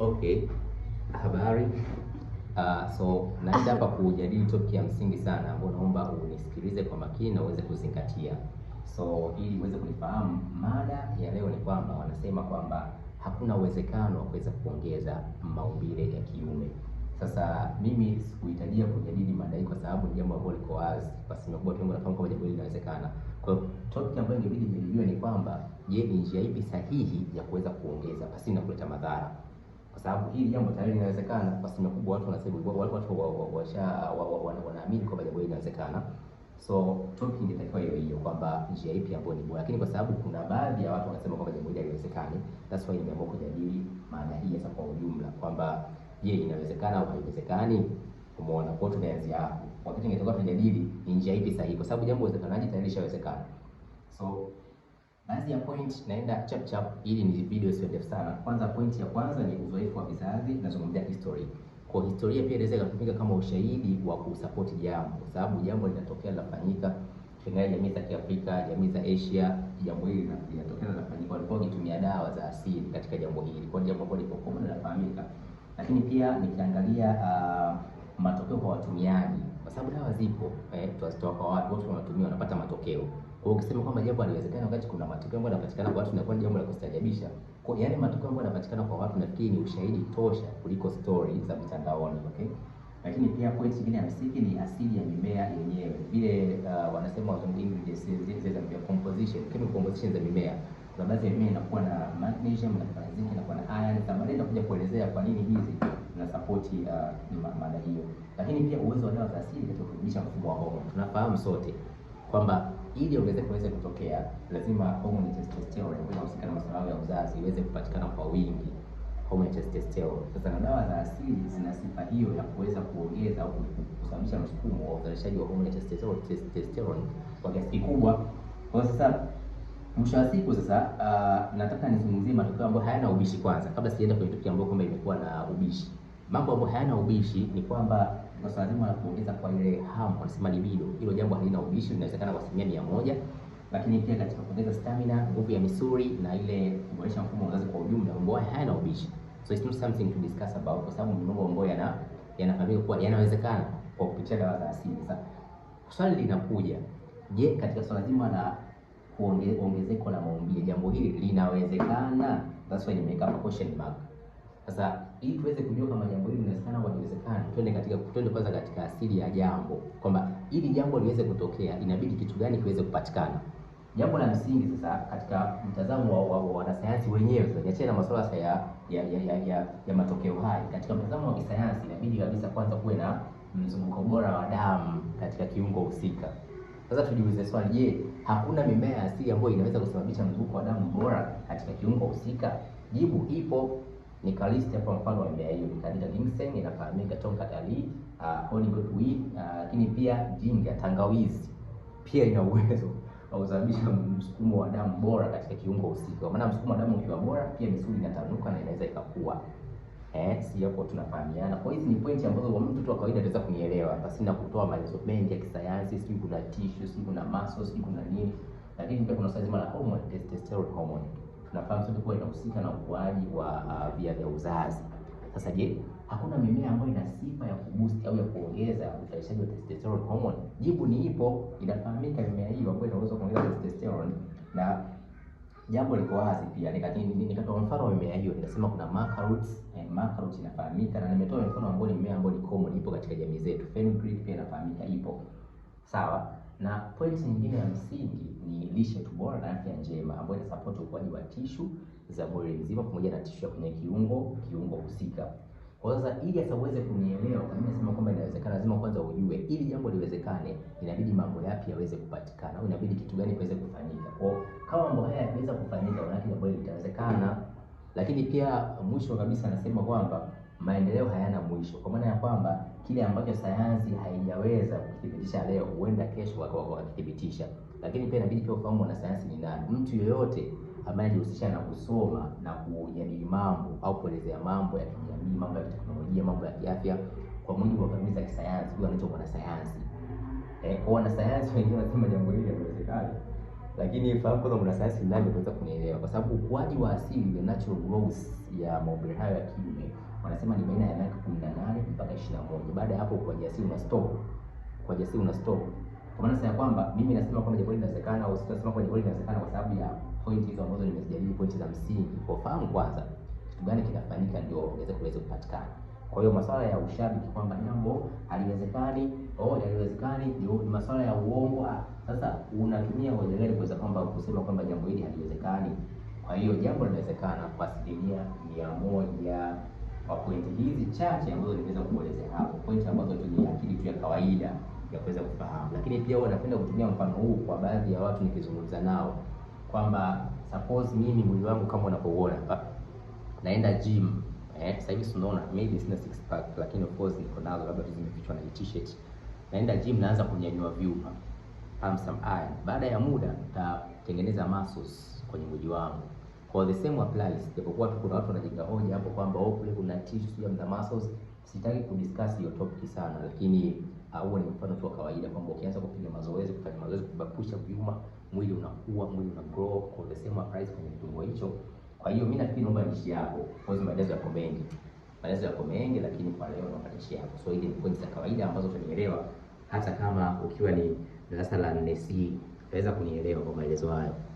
Okay, habari. Uh, so naenda hapa kujadili topic ya msingi sana ambayo naomba unisikilize kwa makini na uweze kuzingatia. So ili uweze kunifahamu, mada ya leo, ni kwamba wanasema kwamba hakuna uwezekano wa kuweza kuongeza maumbile ya kiume. Sasa mimi sikuhitajia kujadili mada hii kwa sababu ni jambo ambalo liko wazi, basi mkubwa tungo nafahamu kwa jambo hili linawezekana. Kwa hiyo topic ambayo ingebidi nijadiliwe ni kwamba, je, ni njia ipi sahihi ya kuweza kuongeza pasi na kuleta madhara? kwa sababu hili jambo tayari linawezekana kwa asilimia kubwa. Watu wanasema watu watu washa wanaamini kwamba jambo hili linawezekana, so topic ingetakiwa hiyo hiyo kwamba njia ipi ambayo ni bora, lakini kwa sababu kuna baadhi ya watu wanasema kwamba jambo hili haliwezekani, that's why nimeamua kujadili maana hii hasa kwa ujumla kwamba je, inawezekana au haiwezekani. Umeona, kwa tumeanzia hapo, wakati ingetakiwa tujadili ni njia ipi sahihi, kwa sababu jambo wezekanaji tayari lishawezekana so Baadhi ya point naenda chap chap ili ni video isiwe ndefu sana. Kwanza point ya kwanza ni uzoefu wa vizazi, nazungumzia history. Kwa historia pia inaweza kutumika kama ushahidi wa kusupport jambo, sababu jambo linatokea linafanyika kwenye jamii za Kiafrika, jamii za Asia, jambo hili linatokea linafanyika, walikuwa wakitumia dawa za asili katika jambo hili. Kwa jambo hili liko kwa linafahamika. Lakini pia nikiangalia uh, matokeo kwa watumiaji kwa sababu dawa zipo eh, tunazitoa kwa watu, watu wanatumia wanapata matokeo. Kwa ukisema kwamba jambo haliwezekani wakati kuna matukio ambayo yanapatikana kwa watu inakuwa ni jambo la kustajabisha. Kwa yale yaani matukio ambayo yanapatikana kwa watu nafikiri ni ushahidi tosha kuliko story za mtandaoni, okay? Lakini pia point nyingine ya msingi ni asili ya mimea yenyewe. Vile uh, wanasema watu ingredients zile za mimea composition, chemical composition za mimea. Kuna baadhi ya mimea inakuwa na magnesium na zinc na kuna iron. Kama leo nakuja kuelezea kwa nini hizi na support uh, mada hiyo. Lakini pia uwezo wa dawa za asili katika kurudisha mfumo wa homoni. Tunafahamu sote kwamba ili ongezeko iweze kutokea, lazima homoni testosterone ambayo inahusika na masuala ya uzazi iweze kupatikana kwa wingi, homoni testosterone. Sasa na dawa za asili zina sifa hiyo ya kuweza kuongeza au kusababisha msukumo wa uzalishaji wa homoni testosterone kwa kiasi kikubwa. Kwa sasa mwisho wa siku sasa, uh, nataka nizungumzie matokeo ambayo hayana ubishi kwanza, kabla sijaenda kwenye tukio ambayo kwamba imekuwa na ubishi. Mambo ambayo hayana ubishi ni kwamba kwa swala zima la kuongeza kwa ile hamu, wanasema libido, hilo jambo halina ubishi, linawezekana kwa asilimia mia moja, lakini pia katika kuongeza stamina, nguvu ya misuli na ile kuboresha mfumo wa uzazi kwa ujumla, mambo haya hayana ubishi, so it's not something to discuss about, kwa sababu mambo ambayo yana yanafahamika kuwa yanawezekana kwa kupitia dawa za asili. Sasa swali linakuja, je, katika swala zima la kuongezeko la maumbile, jambo hili linawezekana? That's why nimeweka question mark sasa ili tuweze kujua kama jambo hili linawezekana au haliwezekani, twende katika twende kwanza katika asili ya jambo, kwamba ili jambo liweze kutokea inabidi kitu gani kiweze kupatikana. Jambo la msingi sasa katika mtazamo wa, wanasayansi wa, wa wanasayansi wenyewe sasa, niachie na masuala ya ya, ya, ya, ya, ya matokeo haya. Katika mtazamo wa kisayansi inabidi kabisa kwanza kuwe na mzunguko bora wa damu katika kiungo husika. Sasa tujiulize swali, je, hakuna mimea asili ambayo inaweza kusababisha mzunguko wa damu bora katika kiungo husika? Jibu ipo nikalisti hapa mfano wa mimea hiyo, nikadita ginseng inafahamika, tonka dali, uh, holy gold weed, uh, lakini uh, pia jinja, tangawizi pia ina uwezo wa kusababisha msukumo wa damu bora katika kiungo husika, maana msukumo wa damu ukiwa bora, pia misuli inatanuka na inaweza ikakua. Eh, si hapo tunafahamiana. Kwa hizi ni pointi ambazo kwa mtu wa kawaida anaweza kunielewa pasina kutoa maelezo mengi ya kisayansi, sijui kuna tissue, sijui kuna muscle, sijui kuna nini, lakini pia kuna swala zima la hormone, testosterone hormone tunafahamu sote kuwa inahusika na ukuaji wa uh, via vya uzazi. Sasa je, hakuna mimea ambayo ina sifa ya kuboost au ya kuongeza uzalishaji wa testosterone hormone? Jibu ni ipo, inafahamika mimea hiyo ambayo inaweza kuongeza testosterone na jambo liko wazi pia. Nikatoa mfano wa mimea hiyo, nikasema kuna maca roots eh, maca roots inafahamika, na nimetoa mfano ambao ni mimea ambayo ni common, ipo katika jamii zetu. Fenugreek pia inafahamika, ipo sawa. Na pointi nyingine ya msingi ni lishe tu bora na afya njema ambayo inasapoti ukuaji wa tishu za mwili mzima pamoja na tishu ya kwenye kiungo kiungo husika. Kwa sasa ili hata uweze kunielewa, nini nasema kwamba inawezekana, lazima kwanza ujue ili jambo liwezekane, inabidi mambo yapi yaweze kupatikana au inabidi kitu gani kiweze kufanyika. Kwa kama mambo haya yakiweza kufanyika, maana yake jambo litawezekana. Lakini pia mwisho kabisa, anasema kwamba maendeleo hayana mwisho, kwa maana ya kwamba kile ambacho sayansi haijaweza kukithibitisha leo, huenda kesho wakakithibitisha. Lakini pia inabidi pia ufahamu sayansi ni nani. Mtu yeyote ambaye anajihusisha na kusoma na kujadili mambo au kuelezea mambo ya kijamii, mambo ya teknolojia, mambo ya kiafya kwa mujibu wa kanuni za kisayansi, huyo anaitwa mwanasayansi. Eh, kwa wanasayansi wengine wanasema jambo hili haliwezekani lakini fahamu kwamba mwanasayansi nani kuweza kunielewa, kwa sababu ukuaji wa asili the natural growth ya maumbile hayo ya kiume wanasema ni baina ya miaka 18 mpaka 21. Baada ya hapo ukuaji asili una stop, ukuaji asili una stop. Kwa maana ya kwamba mimi nasema kwamba jambo hili linawezekana, au sitasema kwamba jambo hili linawezekana kwa sababu ya pointi hizo ambazo nimezijadili, pointi za msingi. Kwa fahamu kwanza kitu gani kinafanyika, ndio ungeweza kuweza kupatikana kwa hiyo masuala ya ushabiki kwamba jambo haliwezekani, oh haliwezekani, ni masuala ya uongo. Ah, sasa unatumia hoja gani kuweza kwamba kusema kwamba jambo hili haliwezekani? Kwa hiyo jambo linawezekana kwa asilimia mia moja kwa pointi hizi chache ambazo niweza kuelezea hapo, pointi ambazo tu ni akili tu ya kawaida ya kuweza kufahamu. Lakini pia huwa napenda kutumia mfano huu kwa baadhi ya watu nikizungumza nao kwamba suppose mimi mwili wangu kama unavyoona hapa, naenda gym Eh, sasa hivi unaona maybe sina six pack lakini of course niko nazo labda tu zimefichwa na t-shirt. Naenda gym naanza kunyanyua vyuma. Pump some iron. Baada ya muda nitatengeneza muscles kwenye mwili wangu. Kwa the same applies. Japokuwa tu kuna watu wanajenga hoja hapo kwamba oh, kule kuna tissue ya the muscles. Sitaki kudiscuss hiyo topic sana lakini au ah, ni mfano tu wa kawaida kwamba ukianza kupiga mazoezi, kufanya mazoezi, kubapusha vyuma, mwili unakuwa, mwili una grow. Kwa the same applies kwenye kiungo hicho. Kwa hiyo mimi nafikiri naomba niishie hapo, kwa sababu maelezo yako mengi, maelezo yako mengi, lakini kwa leo naomba niishie hapo. So hili ni pointi za kawaida ambazo utanielewa, hata kama ukiwa ni darasa la 4C utaweza kunielewa kwa maelezo hayo.